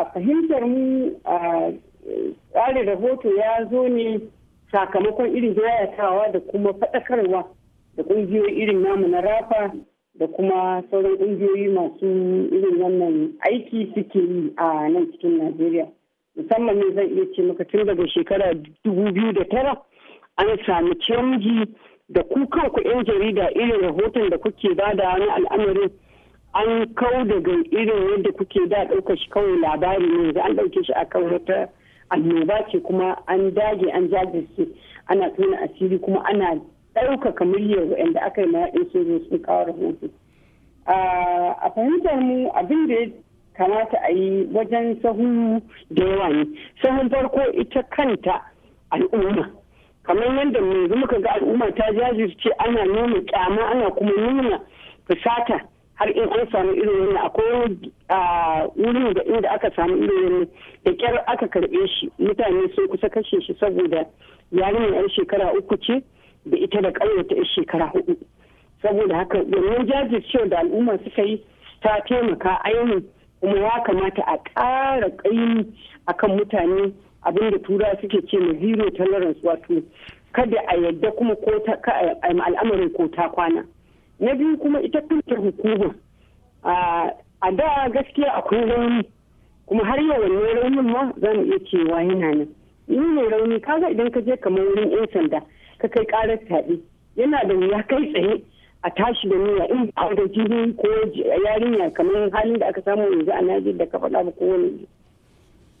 a fahimtar mu a tsarin rahoto ya zo ne sakamakon irin jayatawa da kuma faɗakarwa da ƙungiyoyi irin namu na rafa da kuma sauran ƙungiyoyi masu irin wannan aiki suke yi a nan cikin najeriya musamman ne zan iya ce maka tun daga shekara dubu biyu da tara an sami canji da ku kanku 'yan jarida irin rahoton da kuke bada na al'amarin an kau daga irin yadda kuke da ɗauka shi kawai labari ne yanzu an ɗauke shi akan wata annoba ce kuma an dage an jajirce ana tona asiri kuma ana ɗaukaka muryar waɗanda aka yi ma sun sun kawo rahoto a fahimtar mu abin da ya kamata a yi wajen sahun da yawa ne sahun farko ita kanta al'umma kamar yadda yanzu muka ga al'umma ta jajirce ana nuna kyama ana kuma nuna fusata har in an samu irin a akwai wurin da inda aka samu irin ne da kyar aka karbe shi mutane sun kusa kashe shi saboda yarin 'yan shekara uku ce da ita da ƙauyata ta shekara hudu saboda haka domin jajirce da al'umma suka yi ta taimaka ainihin kuma ya kamata a ƙara ƙaimi kan mutane abinda tura suke ce ma zero tolerance wato kada a yadda kuma ko al'amarin ko ta kwana. na biyu kuma ita kanta hukuma a da gaskiya akwai rauni kuma har yau wani raunin ma za mu iya cewa yana nan ni ne rauni kaga idan ka je kamar wurin yan sanda ka kai karar fyaɗe yana da wuya kai tsaye a tashi da niyya in a da jini ko yarinya kamar halin da aka samu yanzu a najeriya da ka faɗa ba wani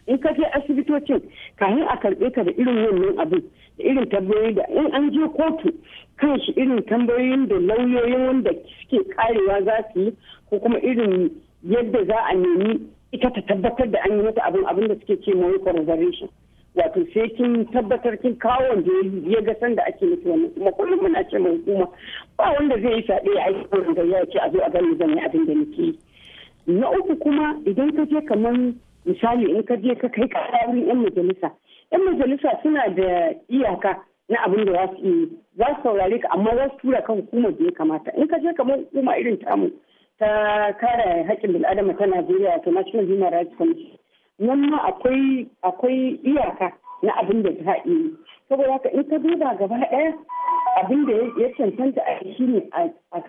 in ka je asibitocin kayan a karɓe ka da irin wannan abin da irin tambayoyi da in an je kotu kan shi irin tambayoyin da lauyoyin wanda suke karewa za su yi ko kuma irin yadda za a nemi ita ta tabbatar da an yi mata abin abin da suke ce mawai corroboration wato sai kin tabbatar kin kawo wanda ya ga san da ake nufi wannan kuma kullum muna ce mai hukuma ba wanda zai yi saɗe ya aiki wurin ya ce a zo a gani zan yi abin da nake na uku kuma idan ka je kamar misali in ka je ka kai kara yan majalisa yan majalisa suna da iyaka na abin da za su yi za su saurare ka amma za su tura kan hukumar da ya kamata in ka je kamar hukuma irin tamu ta kare haƙƙin bil'adama ta najeriya to national human rights commission nan ma akwai iyaka na abin da ta yi saboda haka in ka duba gaba ɗaya abin da ya cancanta a shi ne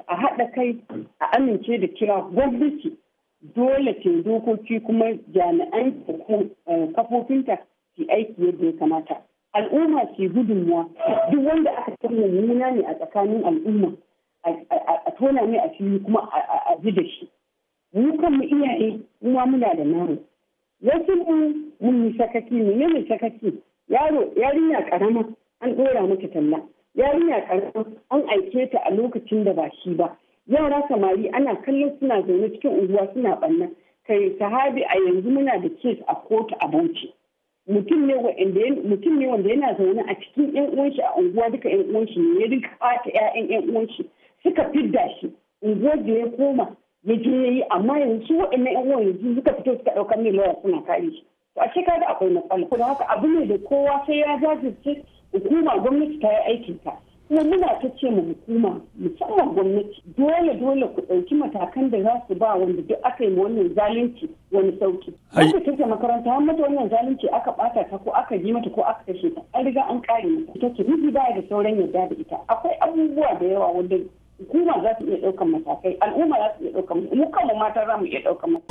a haɗa kai a amince da kira gwamnati dole ke dokoki kuma jami'an eh, kafofinta ke aiki yadda ya kamata al'umma ke gudunmuwa duk wanda aka san mummuna ne a tsakanin al'umma a tona ne a fili kuma a ji da shi mu kanmu iyaye kuma muna da namu wasu mu mun yi sakaki yi mai sakaki yaro yarinya karama an ɗora mata talla yarinya karama an aike ta a lokacin da ba shi ba yara samari ana kallon suna zaune cikin unguwa suna ɓanna kai sahabi a yanzu muna da kes a kotu a bauchi mutum ne wanda yana zaune a cikin yan uwanshi a unguwa duka yan uwanshi ne ya dinka fata ƴaƴan yan uwanshi suka fidda shi unguwa da ya koma ya je ya yi amma yanzu waɗannan yan uwan yanzu suka fito suka ɗaukar mai lawa suna kare shi to a ce kaga akwai matsala kuma haka abu ne da kowa sai ya jajirce hukuma gwamnati ta yi aikin ta kuma muna ta ce mu hukuma musamman gwamnati dole dole ku ɗauki matakan da za su ba wanda duk aka yi wannan zalunci wani sauki. Wanda take makaranta har mata wannan zalunci aka ɓata ta ko aka yi mata ko aka kashe ta an riga an ƙare mata ita ce rubi baya da sauran yarda da ita akwai abubuwa da yawa wanda hukuma za su iya ɗaukan matakai al'umma za su iya ɗaukan mu kanmu mata za mu iya ɗaukan matakai.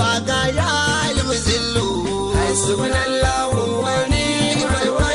hasbunallah